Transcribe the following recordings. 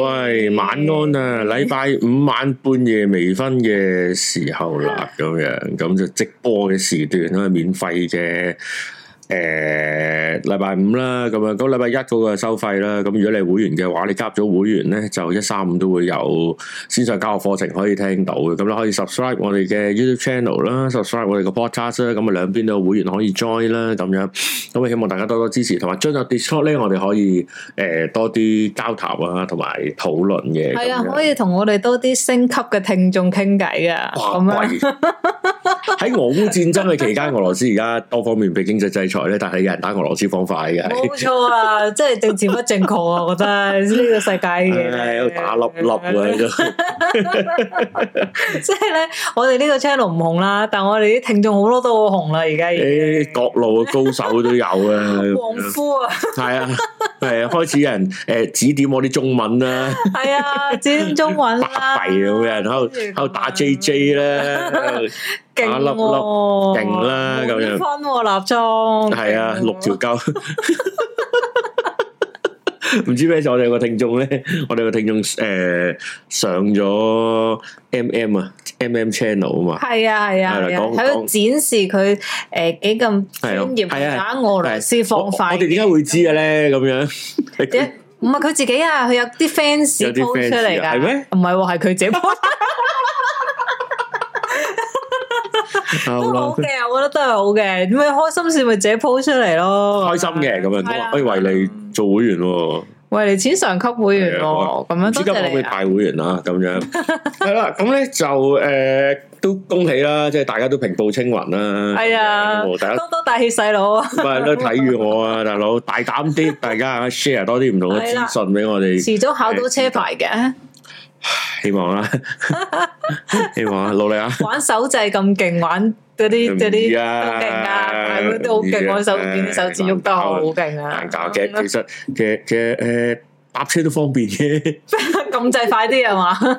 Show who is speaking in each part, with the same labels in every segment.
Speaker 1: 喂，晚安啊！禮拜 五晚半夜微醺嘅時候啦，咁 樣咁就直播嘅時段啦，係免費嘅。誒，禮拜五啦，咁樣咁禮拜一嗰個收費啦。咁如果你係會員嘅話，你加入咗會員咧，就一三五都會有線上教學課程可以聽到嘅。咁你可以 subscribe 我哋嘅 YouTube channel 啦，subscribe 我哋嘅 podcast 啦。咁啊兩邊都有會員可以 join 啦，咁樣。咁啊希望大家多多支持，同埋加入 Discord 咧，我哋可以誒多啲交談啊，同埋討論嘅。係啊，可
Speaker 2: 以同我哋多啲升級嘅聽眾傾偈啊。咁
Speaker 1: 啊，喺俄烏戰爭嘅期間，俄羅斯而家多方面被經濟制裁。才咧，但係有人打俄羅斯方塊嘅，冇錯
Speaker 2: 啊！即係政治不正確啊，我覺得呢 個世界嘅，
Speaker 1: 打粒粒啊，
Speaker 2: 即係咧，我哋呢個 channel 唔紅啦，但係我哋啲聽眾好多都好紅啦，而家啲
Speaker 1: 各路高手都有啊， 王夫啊， 係 啊。係 開始有人誒指點我啲中文啦，
Speaker 2: 係 啊，指點中文啦，咁
Speaker 1: 樣喺度喺度打 J J 啦，勁、哦、粒粒勁啦，咁、哦、樣
Speaker 2: 分立裝，係啊蠟，哦、樣六條
Speaker 1: 溝，唔、哦、 知咩事，我哋個聽眾咧，我哋個聽眾誒上咗 M M 啊。M M Channel 啊嘛，係啊
Speaker 2: 係啊，喺度展示佢誒幾咁專業打俄
Speaker 1: 羅斯方塊。我哋點解會知嘅咧？咁樣
Speaker 2: 唔係佢自己啊，佢有啲 fans post 出嚟噶，係咩？唔係喎，係佢自己。都好嘅，我覺得都係好嘅。咁樣開心事咪自己 post 出嚟咯。開心嘅，咁啊我以為你做會
Speaker 1: 員。喂，
Speaker 2: 你錢上級會員
Speaker 1: 喎，咁樣，即家可唔可以派會員啊？咁 樣，係啦，咁咧就誒、呃，都恭喜啦，即係大家都平步青雲啦，係啊，多多
Speaker 2: 大氣細佬，啊，係咯，睇
Speaker 1: 住我啊，大佬，大膽啲， 大家 share 多啲唔同嘅資訊俾我哋，遲早考到
Speaker 2: 車牌嘅。
Speaker 1: 希望啦，希望啊，努力啊！
Speaker 2: 玩手掣咁勁，玩嗰啲嗰啲都勁啊，都好勁啊！手掣手指喐得好勁啊！難搞嘅，其實
Speaker 1: 嘅嘅誒，搭車都方便嘅。 咁制快啲啊嘛，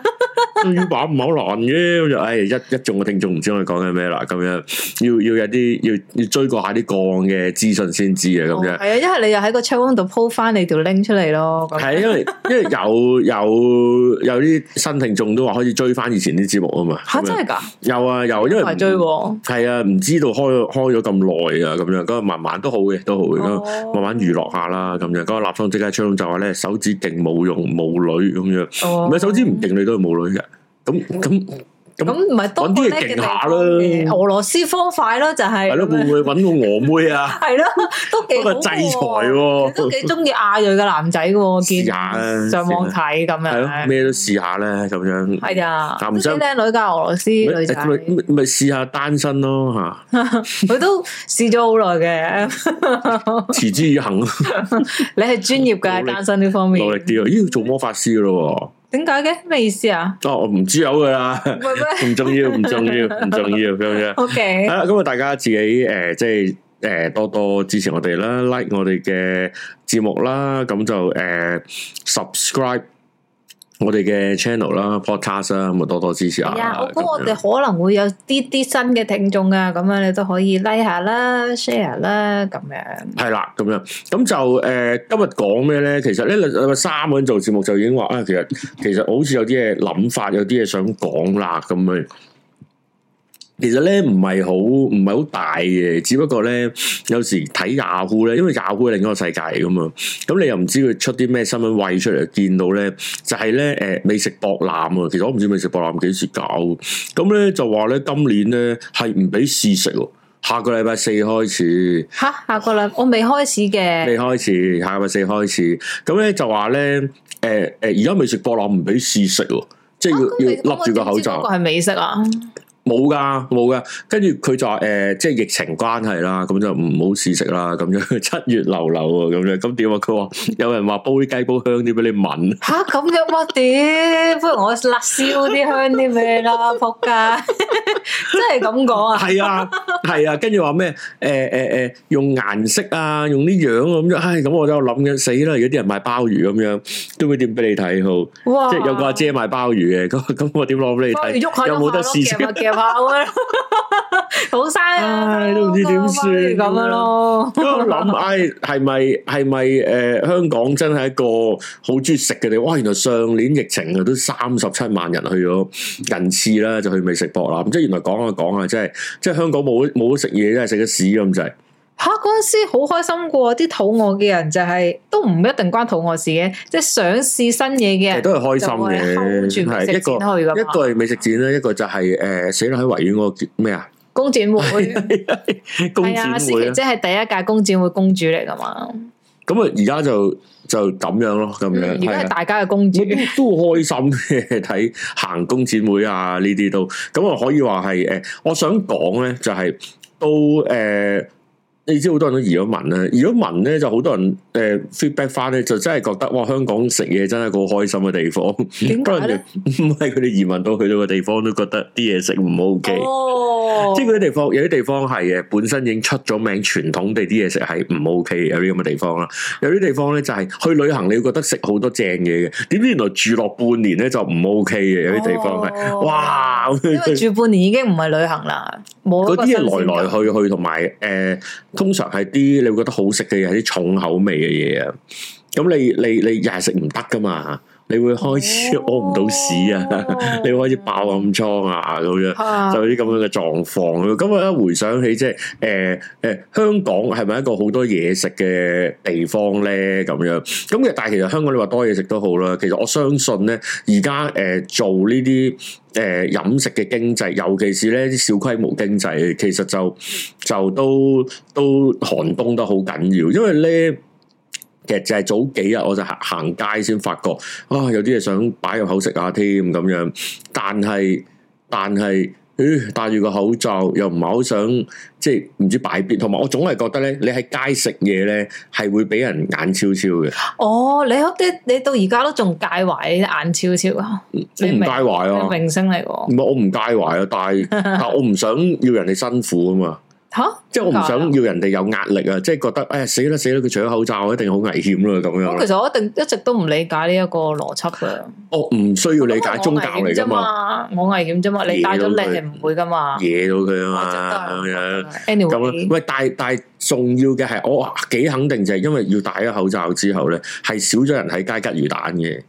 Speaker 1: 咁樣玩唔好難嘅，就唉一一眾嘅聽眾唔知我哋講緊咩啦，咁樣要要有啲要要追過下啲個案嘅資訊先知嘅咁樣，係
Speaker 2: 啊，一係你又喺個窗度鋪翻你條 link 出嚟咯，係
Speaker 1: 因為因為有有有啲新聽眾都話可以追翻以前啲節目啊嘛，嚇真係㗎，有啊有，因為唔係追喎，係啊，唔知道開開咗咁耐啊，咁樣咁啊，慢慢都好嘅，都好嘅，咁慢慢娛樂下啦，咁樣嗰個立窗即刻窗就話咧手指勁冇用冇女咁樣。唔係首先唔認你都係母女嘅，咁咁。咁唔係多啲勁下咯，俄羅斯方塊咯，就係係咯，會唔會搵個俄妹啊？係咯，都幾好。制裁，都幾中意亞裔嘅男仔嘅。試下上網睇咁樣。係咯，咩都試下咧，咁樣。係啊，都幾靚
Speaker 2: 女噶俄羅斯女仔。
Speaker 1: 咪試下單身咯吓，
Speaker 2: 佢都試咗好耐嘅。持之以恒。你係專業噶單身呢方面。
Speaker 1: 努力啲啊！咦，要做魔法師咯。
Speaker 2: 點解嘅？咩意思啊？
Speaker 1: 哦，我唔知有噶啦，唔重要，唔重要，唔重要，咁樣。OK，好啦，咁啊，大家自己誒，即係誒，多多支持我哋啦，like 我哋嘅節目啦，咁就誒，subscribe。我哋嘅 channel 啦，Podcast 啦，咁咪多多支持下。係啊，我估我哋可
Speaker 2: 能會有啲啲新嘅聽眾噶，咁樣你都可以 l、like 下啦，share 啦，咁樣。
Speaker 1: 係啦，咁樣，咁就誒、呃，今日講咩咧？其實呢你三、三個人做節目就已經話啊，其實其實好似有啲嘢諗法，有啲嘢想講啦，咁樣。其實咧唔係好唔係好大嘅，只不過咧有時睇 Yahoo 咧，因為 Yahoo 係另一個世界嚟噶嘛，咁你又唔知佢出啲咩新聞位出嚟，見到咧就係咧誒美食博覽啊！其實我唔知美食博覽幾時搞，咁、嗯、咧就話咧今年咧係唔俾試食，下個禮拜四開始
Speaker 2: 吓，下個禮我未開始嘅，
Speaker 1: 未開始下個禮拜四開始，咁、嗯、咧就話咧誒誒而家美食博覽唔俾試食，即係要、啊嗯、要笠住個口罩，個
Speaker 2: 係美食啊！啊啊
Speaker 1: 冇噶，冇噶，跟住佢就話誒，即係疫情關係啦，咁就唔好試食啦，咁樣七月流流啊，咁樣咁點啊？佢話有人話煲啲雞煲香啲俾你聞
Speaker 2: 吓，咁樣我點？不如我辣燒啲香啲咩啦？仆街，真係咁講啊？係
Speaker 1: 啊，係啊，跟住話咩？誒誒誒，用顏色啊，用啲樣咁樣，唉，咁我都有諗緊，死啦！而家啲人賣鮑魚咁樣，都會點俾你睇？好，即係有個阿姐賣鮑魚嘅，咁咁我點攞俾你睇？有冇得試食？ 好嘅咯、啊，好生唉都唔知點算咁樣咯。咁諗樣， 哎，係咪係咪？誒、呃，香港真係一個好中意食嘅地方。哇！原來上年疫情啊，都三十七萬人去咗近次啦，就去美食博覽啦。即係原來講下講下，真係即係香港冇冇食嘢真係食咗屎咁滯。
Speaker 2: 吓嗰陣時好開心過，啲肚餓嘅人就係、是、都唔一定關肚餓事嘅，即係想試新嘢嘅，都係開心
Speaker 1: 嘅。係一個，一個係美食展啦，一個就係、是、誒、呃、死啦喺維園嗰個叫咩啊？
Speaker 2: 工展會
Speaker 1: 係 會啊，即
Speaker 2: 係第一屆工展會公主嚟噶嘛？
Speaker 1: 咁啊、嗯，而家就就咁樣咯，咁樣而家、嗯啊、大家嘅公主 都都開心嘅，睇行工展會啊呢啲都咁啊，我可以話係誒，我想講咧就係、是、到誒。到呃你知好多人都移咗民咧，移咗民咧就好多人誒、呃、feedback 翻咧，就真係覺得哇，香港食嘢真係個好開心嘅地方。點解咧？唔係佢哋移民到去到個地方都覺得啲嘢食唔 OK。哦，即係嗰啲地方，有啲地方係嘅，本身已經出咗名傳統地啲嘢食係唔 OK。有啲咁嘅地方啦，有啲地方咧就係去旅行你覺得食好多正嘢嘅，點知原來住落半年咧就唔 OK 嘅。有啲地方係哇，因為住半年已經唔係旅行啦，
Speaker 2: 冇嗰啲嘢來來
Speaker 1: 去去同埋誒。通常係啲你會覺得好食嘅嘢係啲重口味嘅嘢啊，咁你你你又係食唔得噶嘛？你會開始屙唔、哦、到屎啊！ 你會開始爆暗瘡啊咁 樣，就係啲咁樣嘅狀況。咁我一回想起，即係誒誒，香港係咪一個好多嘢食嘅地方咧？咁樣咁嘅，但係其實香港你話多嘢食都好啦。其實我相信咧，而家誒做呢啲誒飲食嘅經濟，尤其是咧啲小規模經濟，其實就就都都寒冬得好緊要，因為咧。其實就係早幾日我就行行街先發覺啊，有啲嘢想擺入口食下添咁樣，但係但係，誒，戴住個口罩又唔係好想即係唔知擺邊，同埋我總係覺得咧，你喺街食嘢咧係會俾人眼超超嘅。
Speaker 2: 哦，你好啲，你到而家都仲介懷你啲眼超超啊？你唔介懷啊？明星嚟嘅，
Speaker 1: 唔係我唔介懷啊，但係但係我唔想要人哋辛苦啊嘛。吓，啊、即係我唔想要人哋有壓力啊！即係覺得，哎呀死啦死啦，佢除咗口罩一定好危險咯咁樣。我其實
Speaker 2: 我一定一直都唔理解呢一個邏輯嘅。
Speaker 1: 我唔需要理解宗教嚟噶嘛，
Speaker 2: 我危險啫嘛，你帶咗力係唔會噶嘛，
Speaker 1: 惹到佢啊嘛咁樣。咁啊，喂但 anyway, 重要嘅係我幾肯定就係因為要戴咗口罩之後咧，係少咗人喺街吉魚蛋嘅，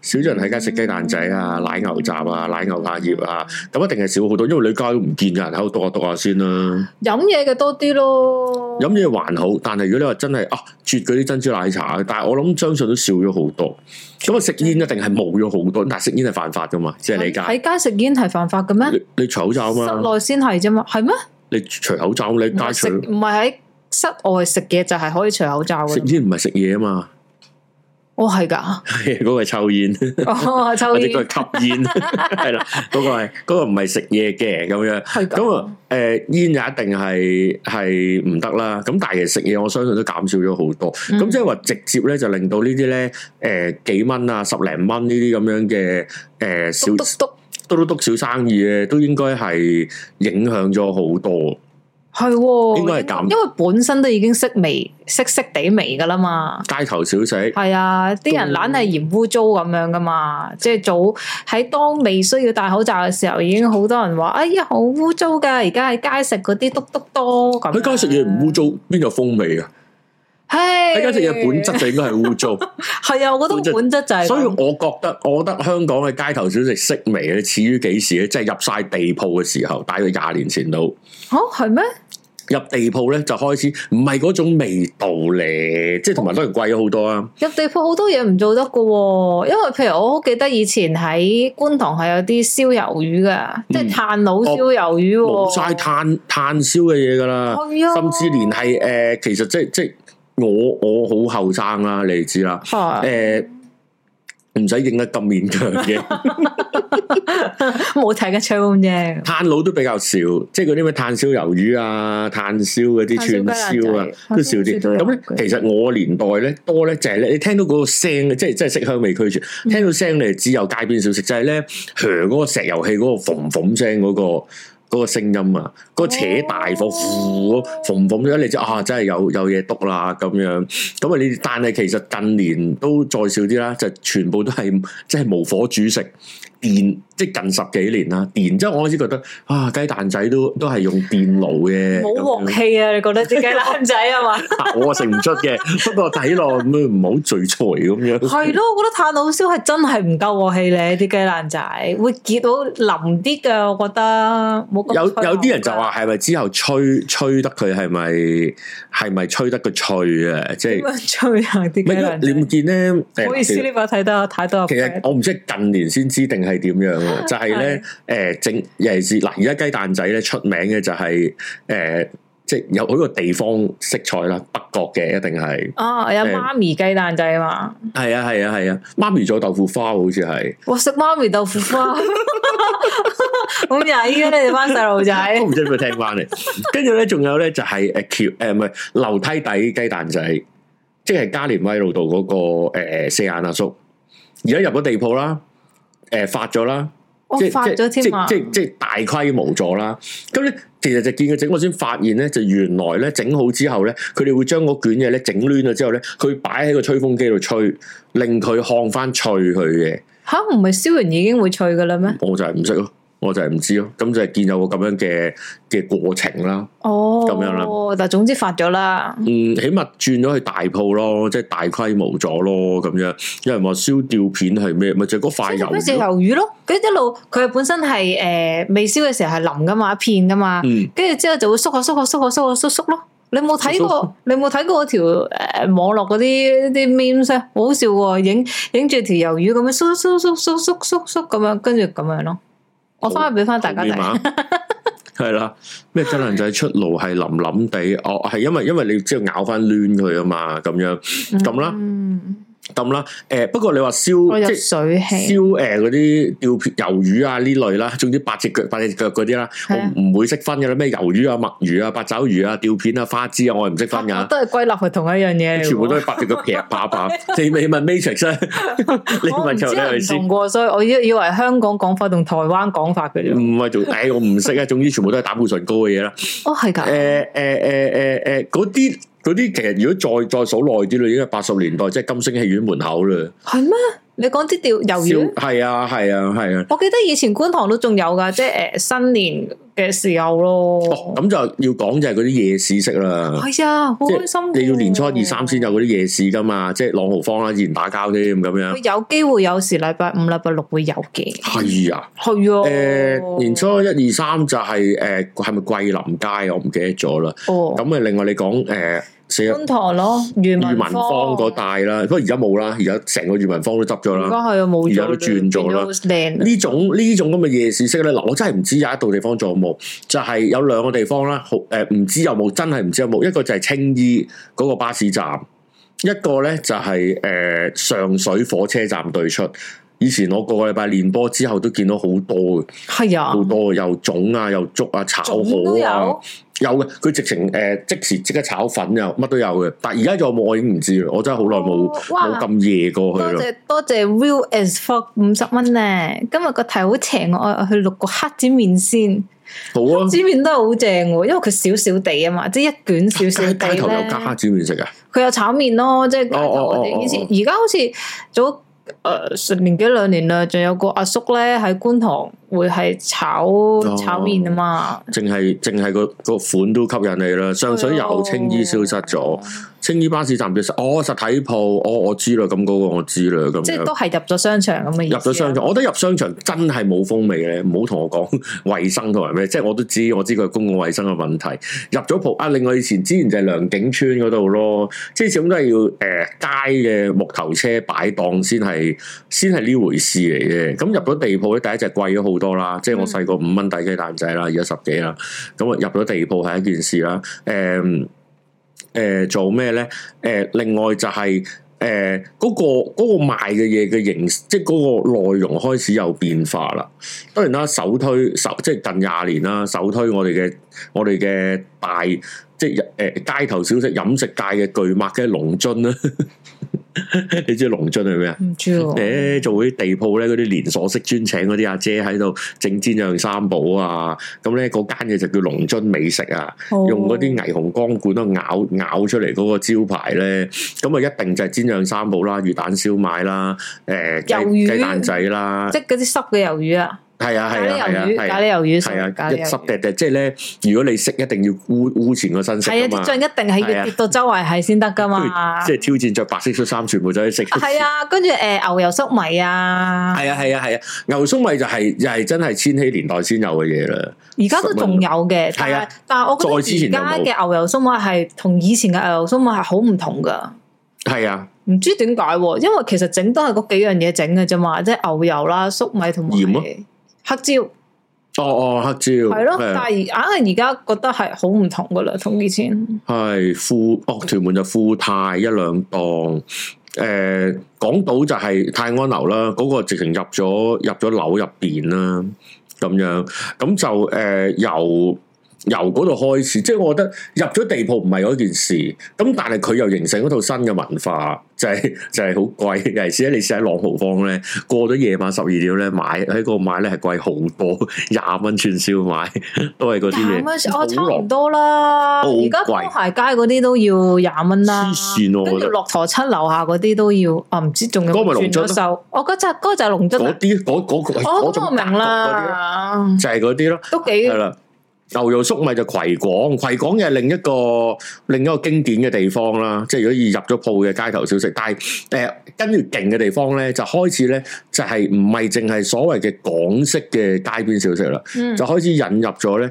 Speaker 1: 少咗人喺街食雞蛋仔啊、奶牛雜啊、奶牛柏葉啊，咁、啊、一定係少好多，因為你街都唔見人喺度篤下篤下先啦。嘢嘅多啲咯，飲嘢還好，但係如果你話真係啊，絕啲珍珠奶茶，但係我諗相信都少咗好多。咁啊的，食煙一定係冇咗好多，但係食煙係犯法噶嘛，即係你家喺街
Speaker 2: 食煙係犯法嘅咩？
Speaker 1: 你除口罩啊嘛，室內
Speaker 2: 先係啫嘛，係咩？
Speaker 1: 你除口罩，你街食
Speaker 2: 唔係喺室外食嘢就係、是、可以除口罩，食
Speaker 1: 煙唔係食嘢啊嘛。哦，係噶，係嗰 個抽煙，我哋叫吸煙，係啦， 嗰、嗰個係、嗰個唔係食嘢嘅咁樣，咁啊的，誒煙、呃、就一定係係唔得啦。咁但係其實食嘢，我相信都減少咗好多。咁即係話直接咧，就令到呢啲咧，誒、呃、幾蚊啊，十零蚊呢啲咁樣嘅，誒、呃、小嘟嘟嘟，嘟嘟小生意咧，都應該係影響咗好多。係，應該係咁，
Speaker 2: 因為本身都已經色味，色色地味噶啦嘛。
Speaker 1: 街頭小食係
Speaker 2: 啊，啲的都人懶係嫌污糟咁樣噶嘛。即係早喺當未需要戴口罩嘅時候，已經好多人話：哎呀，好污糟噶！而家喺街食嗰啲，督督多
Speaker 1: 咁。佢街食嘢唔污糟，邊有風味啊？
Speaker 2: 佢嗰隻嘢本質就應該係污糟，係 啊！我覺得本質就係，所以
Speaker 1: 我覺得，我覺得香港嘅街頭小食色味咧，始於幾時咧？即係入晒地鋪嘅時候，大概廿年前度
Speaker 2: 哦，係咩、啊？
Speaker 1: 入地鋪咧就開始，唔係嗰種味道嚟，即係同埋都係貴咗好多啊。
Speaker 2: 入地鋪好多嘢唔做得嘅，因為譬如我好記得以前喺觀塘係有啲燒魷魚嘅，嗯、即係炭爐
Speaker 1: 燒魷魚、哦，冇曬炭炭燒嘅嘢噶啦，哎、呀甚至連係誒、呃，其實即係即係。我我好後生啦，你知啦，誒、啊，唔使影得咁勉強嘅
Speaker 2: 冇聽嘅唱啫。
Speaker 1: 炭爐都比較少，即係嗰啲咩炭燒魷魚啊、炭燒嗰啲串燒啊，都少啲。咁咧、嗯，其實我年代咧多咧就係咧，你聽到個聲嘅，即係即係色香味俱全。聽到聲你就只有街邊小食，就係咧響嗰個石油氣嗰個縫縫聲嗰個。嗰個聲音啊，嗰、那個扯大火，噗噗噗咗你知啊，真係有有嘢篤啦咁樣，咁啊你，但係其實近年都再少啲啦，就全部都係即係無火煮食。電即係近十幾年啦，電。然之後我開始覺得啊，雞蛋仔都都係用電爐嘅，冇鑊氣
Speaker 2: 啊！樣你覺得隻雞蛋仔係
Speaker 1: 嘛？啊， 我食唔出嘅， 不過睇落咁唔好聚財咁樣。係咯，我
Speaker 2: 覺得炭爐燒係真係唔夠鑊氣咧，啲雞蛋仔會結到淋啲嘅，我覺得。有
Speaker 1: 有啲人就話係咪之後吹吹得佢係咪係咪吹得個脆啊？即係吹
Speaker 2: 啊啲雞蛋
Speaker 1: 仔。唔見咧，唔好意思，呢把睇得太多。其實我唔知係近年先知定係。係點樣？就係咧，誒，整尤其是嗱，而家雞蛋仔咧出名嘅就係誒，即係有好一個地方色彩啦，北角嘅一定係
Speaker 2: 哦，有媽咪雞蛋仔嘛，
Speaker 1: 係啊，係啊，係啊，媽咪做豆腐花好似係，
Speaker 2: 我食媽咪豆腐花，咁而家你哋班細
Speaker 1: 路仔都唔知點去聽翻嚟。跟住咧，仲有咧就係誒橋誒唔係樓梯底雞蛋仔，即係加連威老道嗰個誒誒四眼阿叔，而家入咗地鋪啦。誒、呃，發咗啦，
Speaker 2: 哦、發即係即係，即係
Speaker 1: 即係即大規模咗啦。咁咧、嗯，其實就見佢整，我先發現咧，就原來咧整好之後咧，佢哋會將嗰卷嘢咧整攣咗之後咧，佢擺喺個吹風機度吹，令佢烘翻脆佢嘅。
Speaker 2: 吓，唔係燒完已經會脆噶啦咩？
Speaker 1: 我就係唔識咯。我就係唔知咯，咁就係見有個咁樣嘅嘅過程啦。
Speaker 2: 哦，咁樣啦，但係總之發咗啦。嗯，
Speaker 1: 起碼轉咗去大鋪咯，即係大規模咗咯，咁樣。因為話燒吊片係咩？咪就嗰塊魷魚。即係嗰條魷
Speaker 2: 魚咯，跟一路佢本身係誒未燒嘅時候係淋噶嘛，一片噶嘛，跟住之後就會縮下縮下縮下縮下縮縮咯。你冇睇過你冇睇過條誒網絡嗰啲啲面相，好笑喎！影影住條魷魚咁樣縮縮縮縮縮縮縮咁樣，跟住咁樣咯。我翻去俾翻大家
Speaker 1: 睇，係 啦，咩真靚仔出爐係腍腍哋， 哦，係因為因為你即係咬翻攣佢啊嘛，咁樣，咁啦。嗯咁啦，誒、欸，不過你話燒即水氣，燒誒嗰啲吊片魷魚啊呢類啦，總之八隻腳八隻腳嗰啲啦，嗎我唔會識分嘅啦，咩魷魚啊墨魚啊八爪魚啊吊片啊花枝啊，我唔識分噶、啊，都
Speaker 2: 係歸納係同一樣嘢，、啊、全部都係八隻腳劈
Speaker 1: 扒扒，你未問 Matrix 咧，你問之後你係咪先？同
Speaker 2: 過 所以我依以為香港講法同台灣
Speaker 1: 講法嘅，唔係做，誒我唔識啊，總之全部都係膽固醇高嘅嘢啦哦哦，哦，係噶，誒誒誒誒誒啲。嗰啲其實如果再再數耐啲喇，已經係八十年代，即係金星戲院門口喇。
Speaker 2: 係咩？你講啲釣魷魚
Speaker 1: 係啊，係啊，係啊！啊啊
Speaker 2: 我記得以前觀塘都仲有噶，即係誒新年
Speaker 1: 嘅時候咯。哦，咁就要講就係嗰啲夜市式啦。係啊、
Speaker 2: 哎，好開心！
Speaker 1: 你要年初二三先有嗰啲夜市噶嘛？即係朗豪坊啦，以前打交啲咁樣。
Speaker 2: 有機會有時禮拜五、禮拜六會有嘅。係
Speaker 1: 啊，係啊。誒、呃，年初一二三就係誒係咪桂林街？我唔記得咗啦。哦，咁啊，另外你講誒。呃石
Speaker 2: 觀塘咯，裕民坊
Speaker 1: 嗰帶啦，不過而家冇啦，而家成個裕民坊都執咗啦。而家都轉咗啦。呢種呢種咁嘅夜市式咧，嗱，我真係唔知有一度地方仲有冇，就係、是、有兩個地方啦，誒，唔知有冇真係唔知有冇。一個就係青衣嗰個巴士站，一個咧就係、是、誒、呃、上水火車站對出。以前我個個禮拜練波之後都見到好多嘅，係啊，好多又種啊，又捉啊，炒好啊。有嘅，佢直情誒、呃、即時即刻炒粉又乜都有嘅，但而家仲有冇我已經唔知啦，我真係好耐冇冇咁夜過去咯。多謝
Speaker 2: 多謝 Will as Fuck 五十蚊咧，今日個題好邪，我去六個黑椒麵先，好、啊、黑椒麵都係好正喎，因為佢少少地啊嘛，即係一卷
Speaker 1: 少少地、啊、街頭有加黑椒麵食啊，
Speaker 2: 佢有炒麵咯，即係哦哦，哦哦哦。以前而家好似早誒、呃、年幾兩年啦，仲有個阿叔咧喺觀塘。會係炒炒麵嘛啊嘛！
Speaker 1: 淨係淨係個個款都吸引你啦。上水又青衣消失咗，青喲衣巴士站消失。哦，實體鋪，哦我知啦，咁、那、嗰個我知啦，咁即係都係
Speaker 2: 入咗商場咁嘅。入咗商
Speaker 1: 場，啊、我覺得入商場真係冇風味嘅，唔好同我講衞生同埋咩。即、就、係、是、我都知，我知佢係公共衞生嘅問題。入咗鋪啊，另外以前之前就係良景村嗰度咯。即係始終都係要誒、呃、街嘅木頭車擺檔先係先係呢回事嚟嘅。咁、嗯、入咗地鋪咧，第一隻貴咗好多啦，即係我細個五蚊底雞蛋仔啦，而家十幾啦，咁啊入咗地鋪係一件事啦，誒、呃、誒、呃、做咩咧？誒、呃、另外就係誒嗰個嗰、嗰個賣嘅嘢嘅形，即係個內容開始有變化啦。當然啦，首推首即係近廿年啦，首推我哋嘅我哋嘅大即係誒、呃、街頭小食、飲食界嘅巨擘嘅龍津啦。 你知龍津係咩龍、欸、啊？誒，做啲地鋪咧，嗰啲連鎖式專請嗰啲阿姐喺度整煎釀三寶啊，咁咧嗰間嘢就叫龍津美食啊，哦、用嗰啲霓虹光管都咬咬出嚟嗰個招牌咧，咁啊一定就係煎釀三寶啦、魚蛋燒賣啦、誒、欸、魷魚雞蛋仔啦，即係
Speaker 2: 嗰啲濕嘅魷魚啊。
Speaker 1: 係啊係啊，咖喱魷魚，咖喱魷魚食，一濕滴滴，即係咧。如果你食，一定要污污全個身先。係啊，啲醬一定係要跌到
Speaker 2: 周圍係先得噶嘛。即係
Speaker 1: 挑戰着白色恤衫，全部都係食。係
Speaker 2: 啊，跟住誒牛油粟米啊。係
Speaker 1: 啊係啊係啊，牛粟米就係又係真係千禧年代先有嘅嘢啦。而家都仲有
Speaker 2: 嘅。係啊，但係我覺得而家嘅牛油粟米係同以前嘅牛油粟米係好唔同噶。
Speaker 1: 係啊，
Speaker 2: 唔知點解？因為其實整都係嗰幾樣嘢整嘅啫嘛，即係牛油啦、粟米同埋鹽咯。黑
Speaker 1: 椒，哦哦黑椒係咯，但係硬
Speaker 2: 係而家覺得係好唔同噶啦，同以前
Speaker 1: 係富哦，屯門就富泰一兩檔，誒港島就係泰安樓啦，嗰、嗰個直情入咗入咗樓入邊啦，咁樣咁就誒、呃、由。由嗰度開始，即係我覺得入咗地鋪唔係嗰件事，咁但係佢又形成一套新嘅文化，就係就係好貴。尤其是咧，你試喺朗豪坊咧，過咗夜晚十二點咧，買喺嗰度買咧係貴好多，廿蚊串燒買都係嗰啲嘢。廿蚊？我差唔
Speaker 2: 多啦，而家波鞋街嗰啲都要廿蚊啦。黐線，跟住駱駝七樓下嗰啲都要，啊唔知仲有。嗰咪龍津？我覺得嗰個就係龍津。嗰
Speaker 1: 啲嗰嗰個我嗰種
Speaker 2: 我明啦，就
Speaker 1: 係嗰啲咯，都幾係啦。牛肉粟米就葵廣，葵廣又係另一個另一個經典嘅地方啦。即係如果入咗鋪嘅街頭小食，但係誒、呃、跟住勁嘅地方咧，就開始咧就係唔係淨係所謂嘅港式嘅街邊小食啦，嗯、就開始引入咗咧。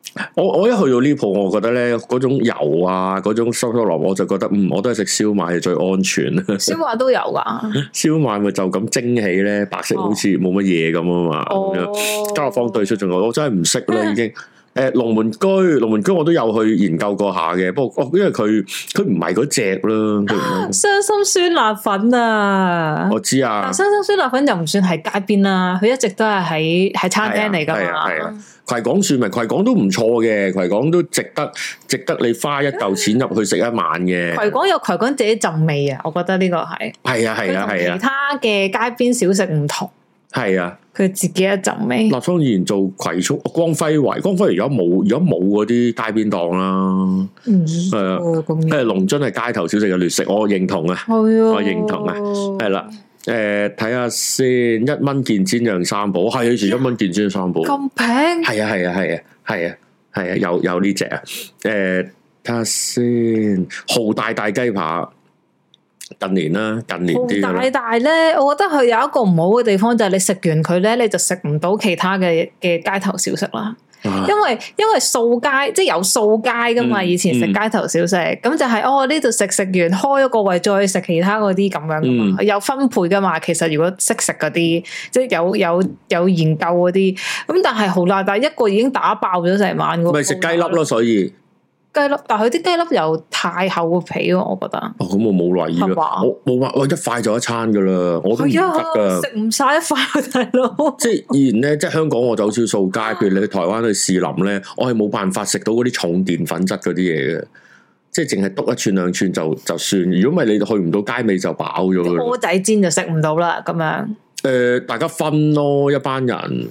Speaker 1: 我我一去到呢鋪，我覺得咧嗰種油啊，嗰種 soy sauce，我就覺得嗯，我都係食燒賣係最安全啦。燒
Speaker 2: 賣都有噶，
Speaker 1: 燒賣咪就咁蒸起咧，白色好似冇乜嘢咁啊嘛，咁樣加放對出仲我真係唔識啦已經。嗯誒，龍門居，龍門居我都有去研究過下嘅，不過，因為佢佢唔係嗰隻囉。
Speaker 2: 傷心酸辣粉啊！我
Speaker 1: 知啊，但傷
Speaker 2: 心酸辣粉就唔算係街邊啦，佢一直都係喺喺餐廳嚟㗎嘛。係啊係
Speaker 1: 啊，葵港算咪？葵港都唔錯嘅，葵港都值得值得你花一嚿錢入去食一晚嘅。葵
Speaker 2: 港有葵港自己浸味啊，我覺得呢個係
Speaker 1: 係啊係啊係啊，其他
Speaker 2: 嘅街邊小食唔同。
Speaker 1: 係啊，佢自己一陣味。立湯然做葵涌，光輝圍，光輝而家冇，而家冇嗰啲街邊檔啦。誒，跟住龍津係街頭小食嘅劣食，我認同啊，我認同啊，係啦。誒，睇下先，一蚊件煎釀三寶，係以前一蚊件煎釀三寶，
Speaker 2: 咁平。係啊，係
Speaker 1: 啊，係啊，係啊，係啊，有有呢隻啊。誒，睇下先，豪大大雞排。近年啦，近年啲咧，好大大
Speaker 2: 咧。我覺得佢有一個唔好嘅地方就係你食完佢咧，你就食唔到其他嘅嘅街頭小食啦。因為因為掃街，即係有掃街噶嘛，以前食街頭小食咁，就係哦呢度食，食完開咗個位，再去食其他嗰啲咁樣噶嘛，有分配噶嘛。其實如果識食嗰啲，即係有有有研究嗰啲，咁但係好大大一個已經打爆咗成
Speaker 1: 晚噶。咪食雞粒咯，所以。
Speaker 2: 雞粒，但係佢啲雞粒又太厚個皮咯，我覺得。
Speaker 1: 哦，咁我冇耐熱，我冇法，我一塊就一餐噶啦，我都唔得噶，食唔晒一塊，大佬。即係以前咧，即係香港我就好少掃街，譬如你去台灣去士林咧，我係冇辦法食到嗰啲重澱粉質嗰啲嘢嘅，即係淨係篤一串兩串就就算，如果唔係你去唔到街尾就飽咗啦。
Speaker 2: 蚵、嗯、仔煎就食唔到啦，
Speaker 1: 咁樣。誒、呃，大家分咯，一班人。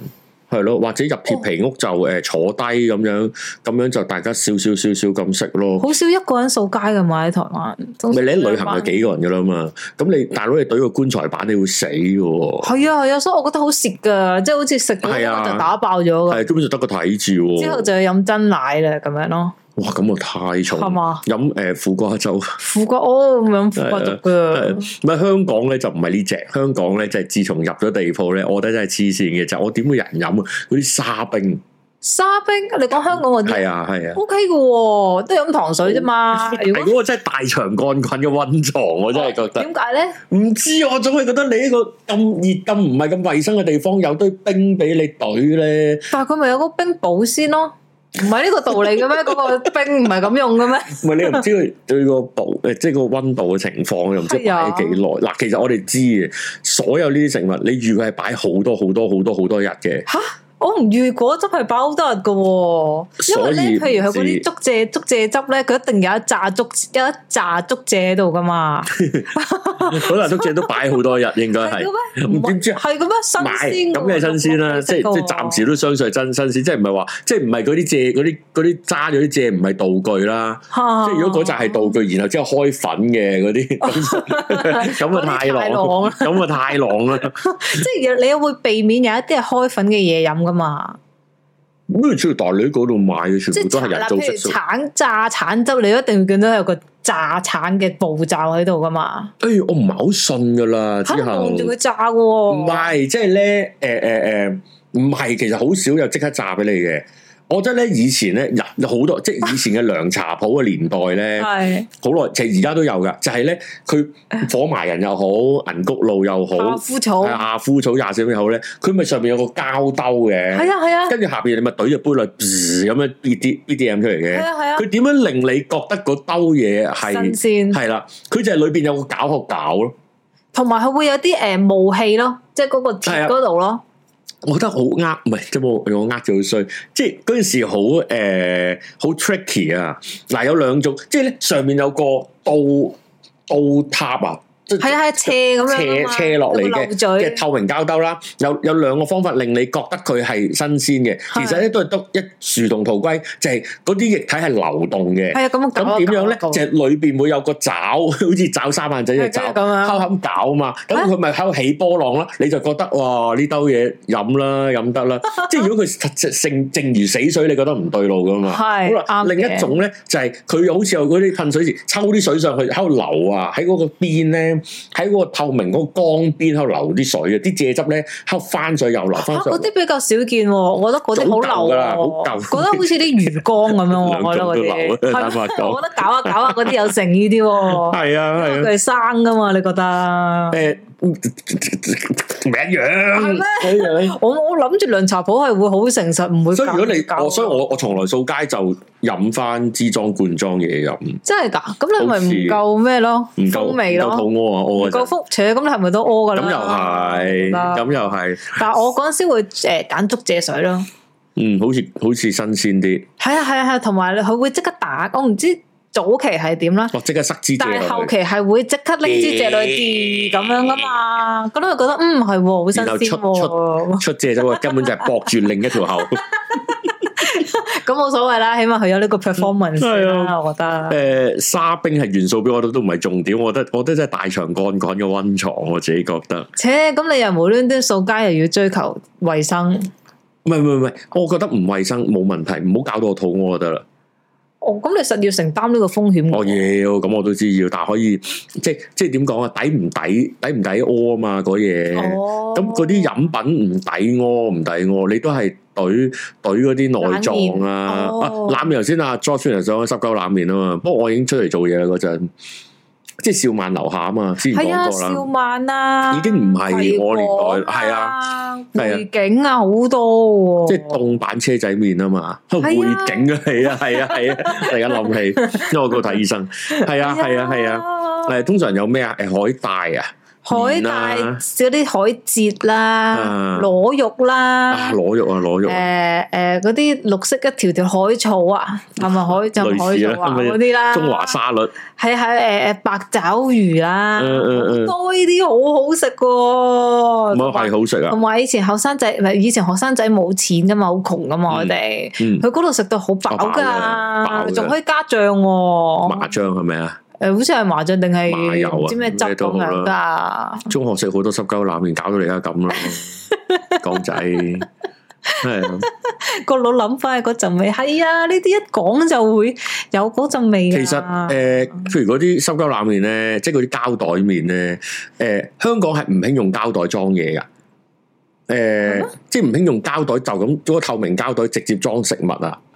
Speaker 1: 係咯，或者入鐵皮屋就誒、呃哦、坐低咁樣，咁樣就大家少少少少咁食咯。好
Speaker 2: 少一個人掃街噶嘛喺台灣，
Speaker 1: 咪你一旅行就幾個人噶啦嘛？咁你大佬你懟個棺材板，你會死
Speaker 2: 嘅。係啊係啊，所以我覺得好蝕噶，即係好似食飽
Speaker 1: 就打爆咗。係根本就得個睇住，之後
Speaker 2: 就要飲真奶啦咁樣咯。
Speaker 1: 哇！咁我太重，飲誒吧、呃、苦瓜粥， 苦瓜哦，咁、oh, 飲苦瓜粥嘅。唔係 香港咧，就唔係呢隻。香港咧，就係自從入咗地鋪咧，我覺得真係黐綫嘅。就我點會有人飲啊，嗰啲沙冰，
Speaker 2: 沙冰，你講香港啲？係 啊係啊，O K 嘅，都飲糖水啫嘛。係嗰
Speaker 1: 個真係大腸桿菌嘅溫床，我真係覺得。點解咧？唔知我總係覺得你呢個咁熱咁唔係咁衛生嘅地方，有堆冰俾你懟咧。但係佢咪有嗰冰保鮮咯？唔係呢個道理嘅咩？嗰 個冰唔係咁用嘅咩？唔 係你又唔知佢對個度誒，即係個温度嘅情況又唔知擺幾耐。嗱呀，其實我哋知嘅，所有呢啲食物，你預計係擺好多好多好多好多日嘅吓。
Speaker 2: 我唔遇果汁係擺好多日噶，因為
Speaker 1: 咧，譬如佢嗰啲竹
Speaker 2: 蔗竹蔗汁咧，佢一定有一扎竹一扎竹蔗喺度噶嘛。
Speaker 1: 嗰扎竹蔗都擺好多日，應該係唔知唔係噶咩？新鮮咁梗新鮮啦、啊，即即暫時都相信真新鮮，即唔係話即唔係嗰啲蔗嗰啲嗰啲揸咗啲蔗唔係道具啦。即 如果嗰扎係道具，然後之後開粉嘅嗰啲，咁啊太浪，咁啊太浪啦！
Speaker 2: 即你又會避免有一啲係開粉嘅嘢飲嘛，
Speaker 1: 咩去大理嗰度買嘅全部都係人造色素？橙
Speaker 2: 榨橙汁，你一定要見到有個榨橙嘅步驟喺度噶嘛？
Speaker 1: 哎，我唔係好信噶啦，之後我仲要榨嘅，哦，唔係，即係咧，誒誒誒，唔、呃、係，其實好少有即刻榨俾你嘅。我覺得咧以前咧，人好多，即係以前嘅涼茶鋪嘅年代咧，好耐，啊，即係而家都有噶。就係咧，佢火麻仁又好，銀菊露又好，夏枯草係夏枯草廿四味又好咧。佢咪上面有個膠兜嘅，係啊係啊。跟住下邊你咪懟入杯內，咁樣呢啲 B D M 出嚟嘅。係啊係啊。佢點樣令你覺得嗰兜嘢係新鮮鮮？係啦，啊，佢就係裏邊有個攪殼搞咯，
Speaker 2: 同埋佢會有啲誒霧氣咯，即係嗰個鐵嗰度咯。
Speaker 1: 我覺得好呃，唔係有冇俾我呃咗好衰，即係嗰陣時好誒，好 tricky 啊！嗱，有兩種，即係咧上面有個刀刀塔啊。係啊，斜咁樣斜落嚟嘅，流嘴即係透明膠兜啦。有有兩個方法令你覺得佢係新鮮嘅，其實咧都係得殊途同歸，就係嗰啲液體係流動嘅。係啊，咁咁點樣咧？就裏邊會有個爪，好似爪沙蠻仔嘅爪，敲敲搞啊嘛。咁佢咪喺度起波浪啦？你就覺得哇！呢兜嘢飲啦，飲得啦。即係如果佢剩剩如死水，你覺得唔對路噶嘛？係。好啦，另一種咧就係佢好似有嗰啲噴水池，抽啲水上去喺度流啊，喺嗰個邊咧。喺嗰個透明嗰個缸邊，後流啲水啊，啲蔗汁咧，後翻水又流翻。吓、啊，嗰啲
Speaker 2: 比較少見、啊，我覺得嗰啲好流噶、啊、啦，
Speaker 1: 好舊。覺得好似
Speaker 2: 啲魚缸咁樣、啊， 我覺得啲 我覺得搞下、啊、搞下嗰啲有誠意啲。係啊， 啊啊
Speaker 1: 因為佢係
Speaker 2: 生噶嘛，你覺得？
Speaker 1: 唔係 一樣，嗎 我我諗住涼茶鋪係會好誠實，唔會。啊、所以如果你，我所以我我從來掃街就飲翻支裝罐裝嘢飲。
Speaker 2: 真係㗎？咁你咪唔夠咩咯？唔夠味咯？夠肚屙
Speaker 1: 啊！夠腹
Speaker 2: 扯咁，你係咪都屙㗎咧？咁又
Speaker 1: 係，咁又係。但係我嗰陣時會誒揀竹蔗水咯。嗯，好似好似新鮮啲。
Speaker 2: 係啊係啊係，同埋佢會即刻打，我唔知。早期係點啦，
Speaker 1: 哦、即塞枝枝但係後期
Speaker 2: 係會即刻拎支借嚟治咁樣噶嘛？咁佢、嗯、 覺得嗯係喎，好新鮮
Speaker 1: 喎，啊，出借咗根本就係駁住另一條喉。
Speaker 2: 咁冇所謂啦，起碼佢有呢個 performance 啦，我覺
Speaker 1: 得。誒、呃，沙冰係元素邊我都都唔係重點，我覺得，我覺得，我覺得真係大腸桿菌嘅溫床，我自己覺得。
Speaker 2: 且咁、欸、你又無端端掃街又要追求衛生？
Speaker 1: 唔係唔係唔係，我覺得唔衛生冇問題，唔好搞到我肚屙得啦。.哦，咁你實要承擔呢個風險嘅。哦要，咁我都知要，但係可以，即係即係點講啊？抵唔抵？抵唔抵屙、哦、啊？嘛，嗰嘢。哦。咁嗰啲飲品唔抵屙，唔抵屙，你都係懟懟嗰啲內臟啊！腩麵頭先啊，Joey 先生講濕鳩腩麵啊嘛，不過我已經出嚟做嘢啦嗰陣。即係兆萬樓下啊嘛，之前講
Speaker 2: 過啦，已經唔係我年代，係啊，係啊，景啊
Speaker 1: 好多，即係凍版車仔麵啊嘛，都匯景啊，係啊，係啊，係啊，突然間諗起，因為我個睇醫生，係啊，係啊，係啊，誒，通常有咩啊？誒，海帶啊。海帶、
Speaker 2: 少啲海蜇啦、螺肉啦，螺肉啊，螺肉。誒誒，嗰啲綠色一條條海草啊，係咪海就海啊嗰啲啦。中華
Speaker 1: 沙律。
Speaker 2: 係喺誒白爪魚啦，
Speaker 1: 多
Speaker 2: 呢啲好好食噶。
Speaker 1: 咁係好食啊！同
Speaker 2: 埋以前後生仔以前學生仔冇錢噶嘛，好窮噶嘛，我哋。佢嗰度食到好飽噶，仲可以加
Speaker 1: 醬。麻醬係咪啊？
Speaker 2: 誒、呃，好似係麻醬定係唔知咩汁咁噶、啊啊？
Speaker 1: 中學食好多濕膠冷麵搞到你而家咁啦， 港仔係
Speaker 2: 個腦諗翻起嗰陣味，係、哎、啊！呢啲一講就會有嗰陣味、
Speaker 1: 啊。其實誒，譬、呃、如嗰啲濕膠冷麵咧，即係嗰啲膠袋麵咧，誒、呃，香港係唔興用膠袋裝嘢噶，誒、呃。即係唔興用膠袋，就咁做個透明膠袋直接裝食物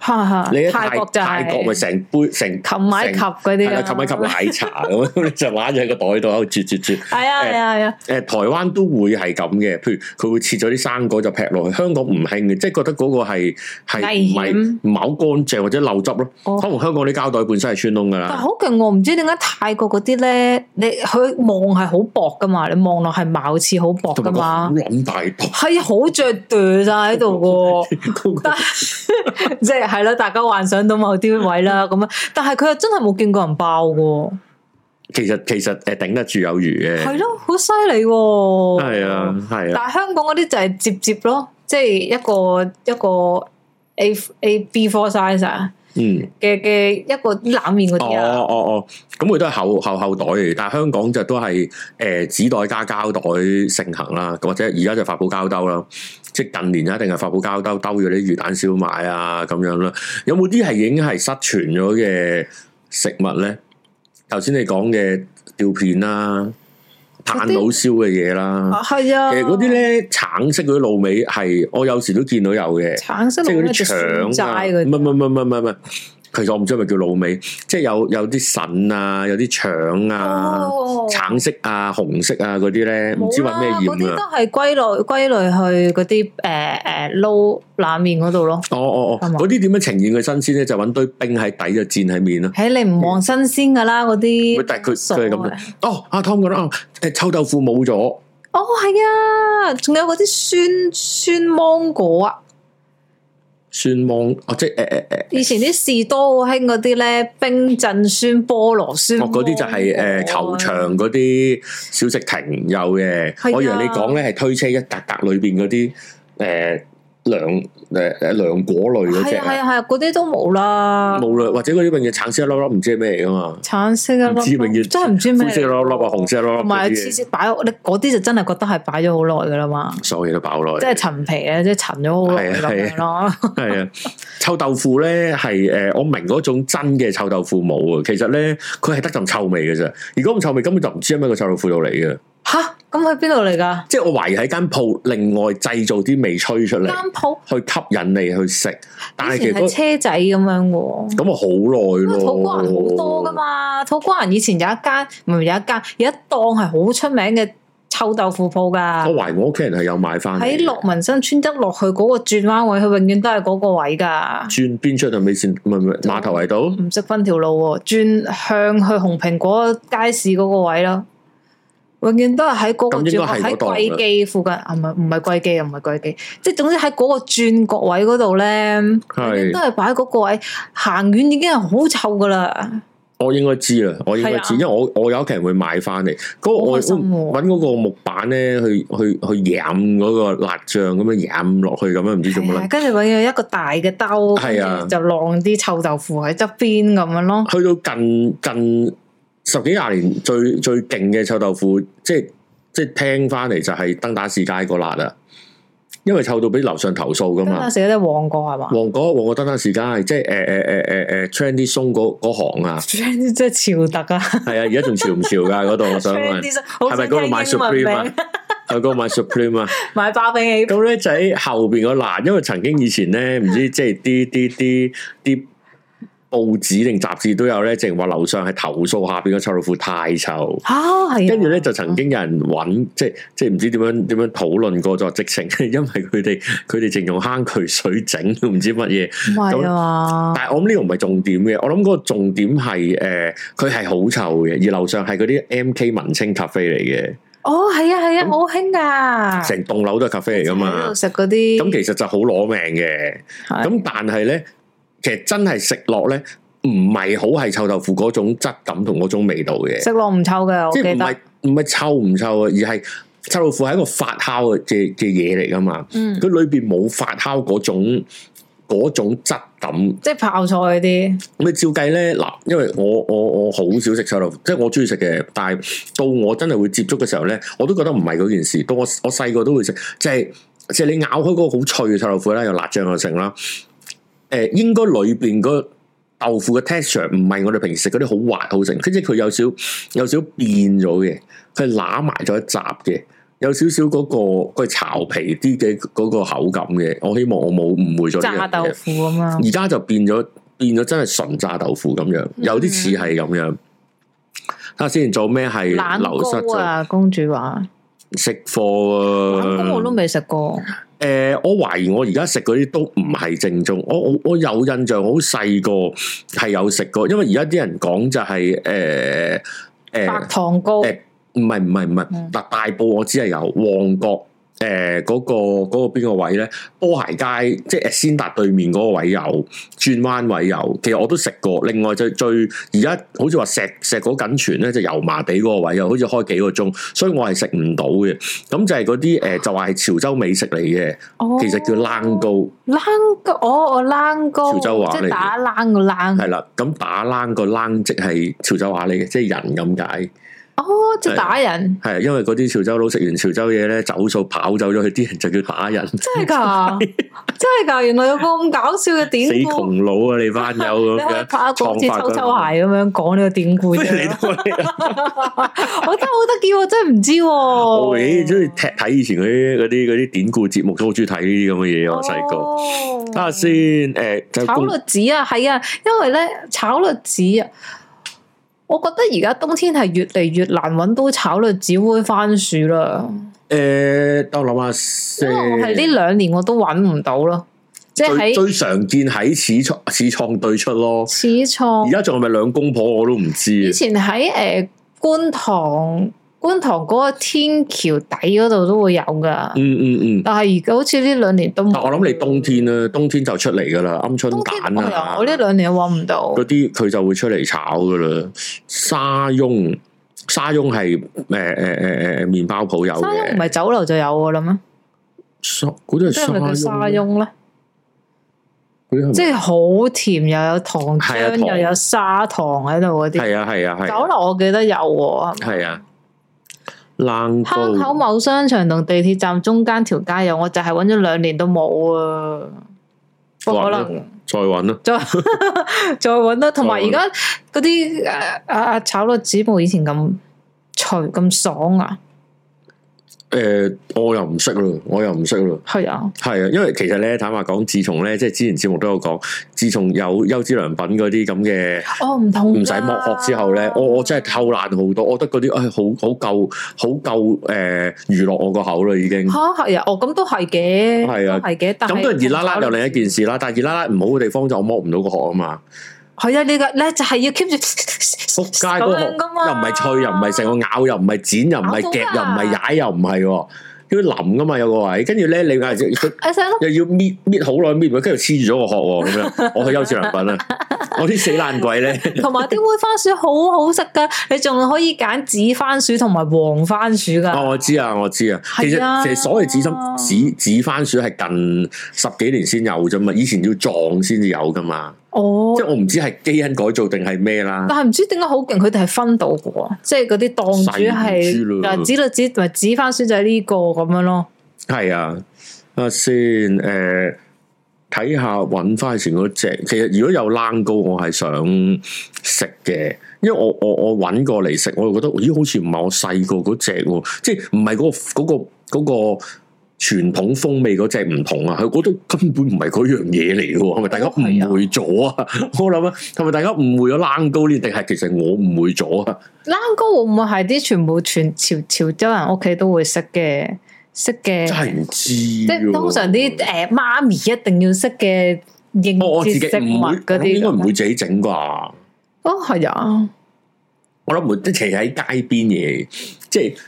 Speaker 1: 啊！你
Speaker 2: 喺泰泰國咪
Speaker 1: 成杯成冚埋一嚿嗰啲，冚埋一嚿奶茶咁，就擺住喺個袋度喺度啜啜啜。係啊係啊係啊！誒，台灣都會係咁嘅，譬如佢會切咗啲生果就劈落去。香港唔興嘅，即係覺得嗰個係唔係唔好乾淨或者漏汁咯。可能香港啲膠袋本身係穿窿㗎啦。但
Speaker 2: 好勁，我唔知點解泰國嗰啲咧，你佢望係好薄㗎嘛？你望落係貌似好薄㗎嘛？好撚大薄好著。度晒喺度噶，即係係啦，大家幻想到某啲位啦，咁啊，但係佢又真係冇見過人爆噶。
Speaker 1: 其實其實誒，頂得住有餘嘅，
Speaker 2: 係咯，好犀利。係啊
Speaker 1: 係啊，但係
Speaker 2: 香港嗰啲就係接接咯，即係一個一個 A A B four size 啊。嗯嘅嘅一個冷麵嗰啲啊，哦
Speaker 1: 哦哦，咁佢都係後後後袋，但係香港就都係誒紙袋加膠袋盛行啦，或者而家就發泡膠兜啦，即係近年一定係發泡膠兜兜咗啲魚蛋燒賣啊咁樣啦，有冇啲係已經係失傳咗嘅食物咧？頭先你講嘅吊片啦、啊。炭佬燒嘅嘢啦，係啊，啊其實嗰啲咧，橙色嗰啲滷味係，我有時都見到有嘅，橙色即係嗰啲腸啊，唔係唔係唔係唔係唔係。不不不不不不其實我唔知係咪叫滷味？即係有有啲腎啊，有啲腸啊，哦、橙色啊、紅色啊嗰啲咧，唔知話咩鹽啊。嗰啲都
Speaker 2: 係歸類歸類去嗰啲誒誒撈冷麵嗰度咯。
Speaker 1: 哦哦哦，嗰啲點樣呈現佢新鮮咧？就揾堆冰喺底就濺喺面咯。係
Speaker 2: 你唔望新鮮噶啦嗰啲。佢大概
Speaker 1: 佢佢係咁。哦，阿 Tom 得，講啦，誒、嗯，臭豆腐冇咗。
Speaker 2: 哦，係啊，仲有嗰啲酸酸芒果啊。
Speaker 1: 酸芒哦，即係誒誒誒，呃
Speaker 2: 呃、以前啲士多好興嗰啲咧冰鎮酸菠蘿
Speaker 1: 酸芒，嗰啲、哦、就係、是、誒、呃、頭場嗰啲小食亭有嘅。啊、我以為你講咧係推車一格格裏邊嗰啲誒。呃涼，誒誒，涼果類嘅，只係啊
Speaker 2: 係啊，嗰啲、啊、都冇啦，
Speaker 1: 冇啦，或者嗰啲永遠橙色一粒粒，唔知係咩嚟噶嘛？橙色一粒，唔永真係唔知咩色粒粒啊，紅色一粒粒。唔係黐線，
Speaker 2: 擺你嗰啲就真係覺得係擺咗好耐噶啦嘛。
Speaker 1: 所有都擺好耐。即係
Speaker 2: 陳皮咧，即係陳咗好耐咁樣咯。係
Speaker 1: 啊，啊啊 臭豆腐咧係誒，我明嗰種真嘅臭豆腐冇啊。其實咧，佢係得陣臭味嘅咋。如果唔臭味，根本就唔知係咪個臭豆腐度嚟嘅。吓？
Speaker 2: 咁去邊度嚟噶？
Speaker 1: 即係我懷疑喺間鋪另外製造啲味吹出嚟，間鋪去吸引你去食。但其實以前係車
Speaker 2: 仔咁樣噶、哦，
Speaker 1: 咁啊好耐咯。土瓜灣好多噶嘛，
Speaker 2: 土瓜灣以前有一間，唔係有一間，有一檔係好出名嘅臭豆腐鋪噶。我
Speaker 1: 懷疑我屋企人係有買翻喺
Speaker 2: 樂民新村得落去嗰個轉彎位，佢永遠都係嗰個位噶。
Speaker 1: 轉邊出就未算，唔係唔係馬頭圍道，唔識分條路、啊，轉
Speaker 2: 向去紅蘋果街市嗰個位咯。永遠都係喺嗰個轉喺櫃機附近，唔係唔係櫃機啊，又唔係櫃機，即係總之喺嗰個轉角位嗰度咧，永遠都係擺喺嗰個位。行遠已經係好臭噶啦！
Speaker 1: 我應該知啦，我應該知，因為我我有屋企人會買翻嚟。搵嗰個木板咧，去去去飲嗰個辣醬，咁樣飲落去，咁樣唔知做乜啦。
Speaker 2: 跟住搵一個大嘅兜，
Speaker 1: 就晾啲臭豆腐喺側邊咁樣咯。去到近近。十幾廿年最最勁嘅臭豆腐，即係即係聽翻嚟，就係登打士街個辣啊！因為臭到俾樓上投訴噶嘛。咁啊，
Speaker 2: 食嗰旺角係嘛？旺
Speaker 1: 角旺角登打士街，即係誒誒誒誒誒，Trendy Zone 嗰嗰行啊，
Speaker 2: 即係潮特啊。
Speaker 1: 係 啊，而家仲潮唔潮噶嗰度？我想問，係咪嗰度買 Supreme 啊？係嗰度買 Supreme 啊？買 Balenci。咁咧，就後邊個辣，因為曾經以前咧，唔知即係啲啲啲啲。D D D D B B 報紙定雜誌都有咧，淨係話樓上係投訴下邊個臭豆腐太臭，吓係、啊。跟住咧就曾經有人搵、啊，即係即係唔知點樣點樣討論過，就直情因為佢哋佢哋淨用坑渠水整，都唔知乜嘢。係、啊、但係我諗呢個唔係重點嘅，我諗嗰個重點係誒，佢係好臭嘅，而樓上係嗰啲 MK 文青咖啡嚟嘅。
Speaker 2: 哦，係啊，係啊，冇興噶，
Speaker 1: 成棟樓都係咖啡嚟噶嘛，
Speaker 2: 食嗰啲咁其
Speaker 1: 實就好攞命嘅。咁的但係咧。其實真係食落咧，唔係好係臭豆腐嗰種質感同嗰種味道嘅。食落唔臭嘅，我記得即係唔係唔係臭唔臭啊？而係臭豆腐係一個發酵嘅嘅嘢，嚟噶嘛。嗯，佢裏邊冇發酵嗰種嗰種質感。
Speaker 2: 即係泡菜嗰啲。咁
Speaker 1: 你、嗯、照計咧，嗱，因為我我我，我好少食臭豆腐，即係我中意食嘅。但係到我真係會接觸嘅時候咧，我都覺得唔係嗰件事。到我我細個都會食，即係即係你咬開嗰個好脆嘅臭豆腐啦，有辣醬又成啦。誒，應該裏邊個豆腐嘅 texture 唔係我哋平時食嗰啲好滑好食，即係佢有少有少變咗嘅，佢揦埋咗一集嘅，有少少嗰、嗰個佢巢、嗰個、皮啲嘅嗰個口感嘅。我希望我冇誤會咗。炸豆腐樣啊嘛，而家就變咗變咗，真係純炸豆腐咁樣，嗯嗯有啲似係咁樣。睇下先，做咩係冷糕啊？
Speaker 2: 公主話
Speaker 1: 食貨啊，冷糕我都未食過。誒、呃，我懷疑我而家食嗰啲都唔係正宗。我我我有印象，好細個係有食過，因為而家啲人講就係誒誒白糖糕，誒唔係唔係唔係，嗱、嗯、大埔我只係有旺角。誒，嗰、呃嗰個嗰、嗰個邊個位咧？波鞋街即係先達對面嗰個位有轉彎位有，其實我都食過。另外就最而家好似話石石嗰緊全咧，就油麻地嗰個位又好似開幾個鐘，所以我係食唔到嘅。咁就係嗰啲誒，就話係潮州美食嚟嘅，哦、其實叫冷糕。
Speaker 2: 冷糕哦，冷糕。潮州話即係打冷個冷。係啦，
Speaker 1: 咁打冷個冷即係潮州話嚟嘅，即係人咁解。哦，就是、打人係，因為嗰啲潮州佬食完潮州嘢咧，走數跑走咗，去啲人就叫打人。真係噶，
Speaker 2: 真係噶，原來有個咁搞笑嘅典故。死窮
Speaker 1: 佬 啊，你班友咁樣，穿翻醜醜
Speaker 2: 鞋咁樣講呢 個典故 我真。我真係好得意，我真係唔知。我、
Speaker 1: 欸、咦，中意睇以前嗰啲啲啲典故節目，都好中意睇呢啲咁嘅嘢。我細、哦啊呃就是那個，睇下先。誒，炒栗
Speaker 2: 子啊，係啊，因為咧炒栗子啊。我覺得而家冬天係越嚟越難揾到炒栗子、煨番薯啦、嗯。誒，呃、
Speaker 1: 我諗下係呢兩
Speaker 2: 年我都揾唔到咯。即係最，最
Speaker 1: 常見喺始創、始創對出咯。始創而家仲係咪兩公婆我都唔知。以
Speaker 2: 前喺誒、呃、觀塘。觀塘嗰個天橋底嗰度都會有
Speaker 1: 噶，嗯嗯嗯。但係而家好似呢兩年都冇。我諗你冬天啦，冬天就出嚟噶啦，鵪鶉蛋啊。我呢兩年都搵唔到。嗰啲佢就會出嚟炒噶啦，沙翁、呃、沙翁係誒誒誒誒麵包鋪有沙翁
Speaker 2: 唔係酒樓就有噶啦
Speaker 1: 咩？沙沙翁咧，即係
Speaker 2: 好甜又有，有糖漿、啊、又有砂糖喺度嗰啲，係啊係啊係。啊酒樓我記得有啊，
Speaker 1: 係啊。坑口
Speaker 2: 某商場同地鐵站中間條街有，我就係揾咗兩年都冇啊！
Speaker 1: 不可能，再揾啦，再 再揾啦吧，同埋而家
Speaker 2: 嗰啲誒阿阿炒栗子冇以前咁脆咁爽啊！
Speaker 1: 誒、呃，我又唔識咯，我又唔識咯。係啊，係啊，因為其實咧，坦白講，自從咧，即係之前節目都有講，自從有優質良品嗰啲咁嘅，我唔同唔使剝殼之後咧，我我真係偷懶好多，我覺得嗰啲誒，好好夠好夠誒，娛、呃、樂我個口啦，已經吓
Speaker 2: 係啊，哦咁、哦、都係嘅，係啊的，係嘅，咁都係熱辣辣
Speaker 1: 又另一件事啦，但係熱辣辣唔好嘅地方就我剝唔到個殼啊嘛。
Speaker 2: 係啊，呢個咧就係要 keep 住仆街嗰殼咁樣，又唔係脆，
Speaker 1: 又唔係成個咬，又唔係剪，又唔係夾，又唔係踩，又唔係，要淋噶嘛？有個位，跟住咧你嗌啊，又要搣搣好耐，搣跟住黐住咗個殼咁樣。我去優之良品啊。我啲死爛鬼咧。同
Speaker 2: 埋啲煨番薯好好食噶，你仲可以揀紫番薯同埋黃番薯噶。
Speaker 1: 哦，我知啊，我知啊。其實是、啊、其實所有紫心紫紫，紫番薯係近十幾年先有啫嘛，以前要撞先至有噶嘛。哦，即係我唔知係基因改造定係咩啦，但
Speaker 2: 係唔知點解好勁，佢哋係分到嘅，即係嗰啲檔主係，又指到指唔係指翻孫仔呢個咁樣咯。
Speaker 1: 係啊，啊先，誒、呃，睇下搵翻前嗰隻，其實如果有冷糕，我係想食嘅，因為我我我搵過嚟食，我就覺得咦，好似唔係我細個嗰隻喎，即係唔係嗰個個個。那個那個那個傳統風味嗰隻唔同啊！佢嗰種根本唔係嗰樣嘢嚟嘅，係咪大家誤會咗啊？我諗啊，係咪大家誤會咗冷糕呢？定係其實我誤會咗啊？
Speaker 2: 冷糕會唔會係啲全部全潮潮州人屋企都會識嘅識嘅？真係唔
Speaker 1: 知、啊，即係通常啲
Speaker 2: 誒媽咪一定要認識嘅、哦、我,自己會我應節食物嗰啲，應該唔會自己整啩？哦，係啊！
Speaker 1: 我諗唔即其實喺街邊嘢。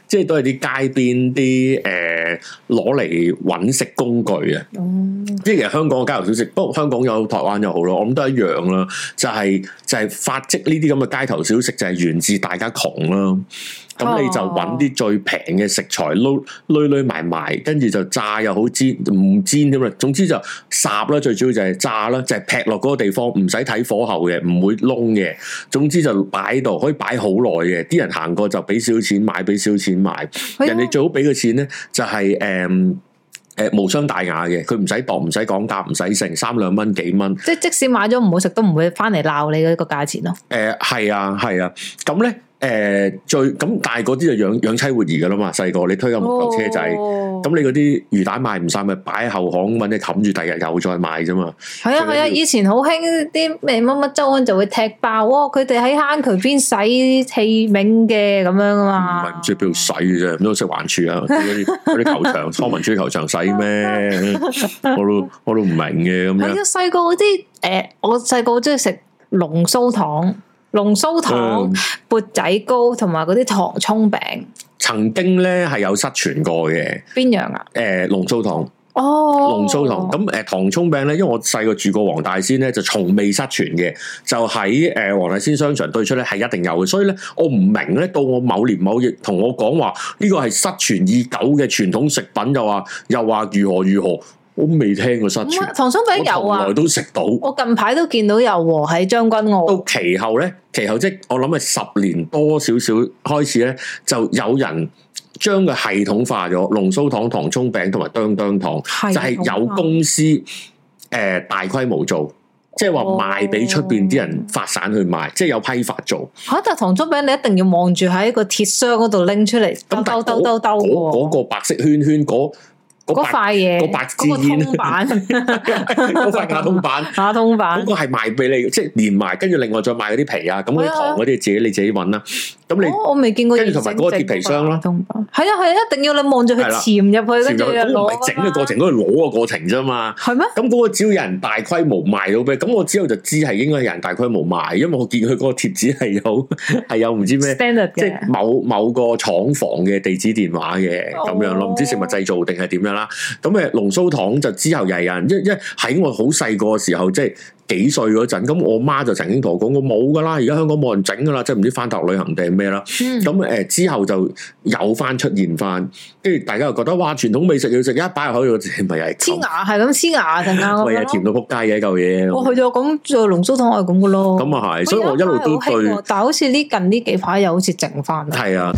Speaker 1: 即係都係啲街邊啲誒攞嚟搵食工具啊！嗯、即係其實香港嘅街頭小食，不過香港有台灣又好咯，我諗都一樣啦。就係、是、就係、是、發跡呢啲咁嘅街頭小食，就係源自大家窮啦。咁你就揾啲最平嘅食材，撈攆攆埋埋，跟住就炸又好煎，唔煎添啦。總之就烚啦，最主要就係炸啦，就係劈落嗰個地方，唔使睇火候嘅，唔會燶嘅。總之就擺度，可以擺好耐嘅。啲人行過就俾少錢，錢買，俾少錢買。人哋最好俾嘅錢咧，就係誒誒無傷大雅嘅，佢唔使搏，唔使講價，唔使剩三兩蚊幾蚊。
Speaker 2: 即係即使買咗唔好食，都唔會翻嚟鬧你嘅一個價錢咯。
Speaker 1: 誒，係啊，係啊，咁咧。誒、哎，最咁大嗰啲就養養妻活兒噶啦嘛，細個你推個木頭車仔，咁、哦哦哦哦、你嗰啲魚蛋賣唔晒咪擺喺後巷，揾你冚住第二日又再賣啫嘛。
Speaker 2: 係啊，係啊，以前好興啲咩乜乜周安就會踢爆、哦，佢哋喺坑渠邊洗器皿嘅咁樣噶嘛。唔係
Speaker 1: 唔知邊度洗嘅啫，咁都識環署啊？嗰啲球場，康文署球場洗咩？我都我都唔明嘅咁樣。
Speaker 2: 細個嗰啲誒，我細個好中意食龍鬚糖。龍鬚糖、嗯、缽仔糕同埋嗰啲糖蔥餅，
Speaker 1: 曾經咧係有失傳過嘅。邊樣啊？誒、呃，龍鬚糖，哦，龍鬚糖。咁誒、呃，糖蔥餅咧，因為我細個住過黃大仙咧，就從未失傳嘅。就喺誒黃大仙商場對出咧，係一定有嘅。所以咧，我唔明咧，到我某年某月同我講話呢個係失傳已久嘅傳統食品，又話又話如何如何。我未聽過失傳，
Speaker 2: 糖蔥餅有啊，我近排都見到有喎喺將軍澳。到
Speaker 1: 其後咧，其後即我諗係十年多少少開始咧，就有人將個系統化咗，龍鬚糖、糖蔥餅同埋當當糖，就係有公司誒大規模做，即係話賣俾出邊啲人發散去賣，即係有批發做。
Speaker 2: 吓，但係糖蔥餅你一定要望住喺個鐵箱嗰度拎出嚟，兜兜兜兜兜
Speaker 1: 嗰個白色圈圈嗰。
Speaker 2: 嗰塊嘢，嗰白嗰個卡通板，
Speaker 1: 嗰塊卡通版，卡通版，嗰個係賣俾你，即係連埋，跟住另外再賣嗰啲皮啊，咁啲糖嗰啲自己你自己揾啦。咁你
Speaker 2: 我未見過。跟住同埋嗰個鐵皮箱啦，卡通板，係啊係啊，一定要你望住佢潛入去，整嘅
Speaker 1: 過程嗰個攞嘅過程啫嘛，係咩？咁嗰個只要有人大規模賣到咩？咁我之後就知係應該係有人大規模賣，因為我見佢嗰個貼紙係有係有唔知咩，即係某某個廠房嘅地址電話嘅咁樣咯，唔知食物製造定係點樣。咁誒，龍鬚糖就之後又有人，因為喺我好細個嘅時候，即係幾歲嗰陣，咁我媽就曾經同我講過，我冇噶啦，而家香港冇人整噶啦，即係唔知翻頭旅行定係咩啦。咁誒，嗯、之後就有翻出現翻，跟住大家又覺得哇，傳統美食要食一擺，可以食埋 牙。黐牙係咁黐牙陣間，咪係甜到撲街嘅一嚿嘢。我、哦、去咗咁做龍鬚糖，係咁噶咯。咁啊係，所以我一路都對。但係
Speaker 2: 好似呢近呢幾排又好似剩翻。係
Speaker 1: 啊。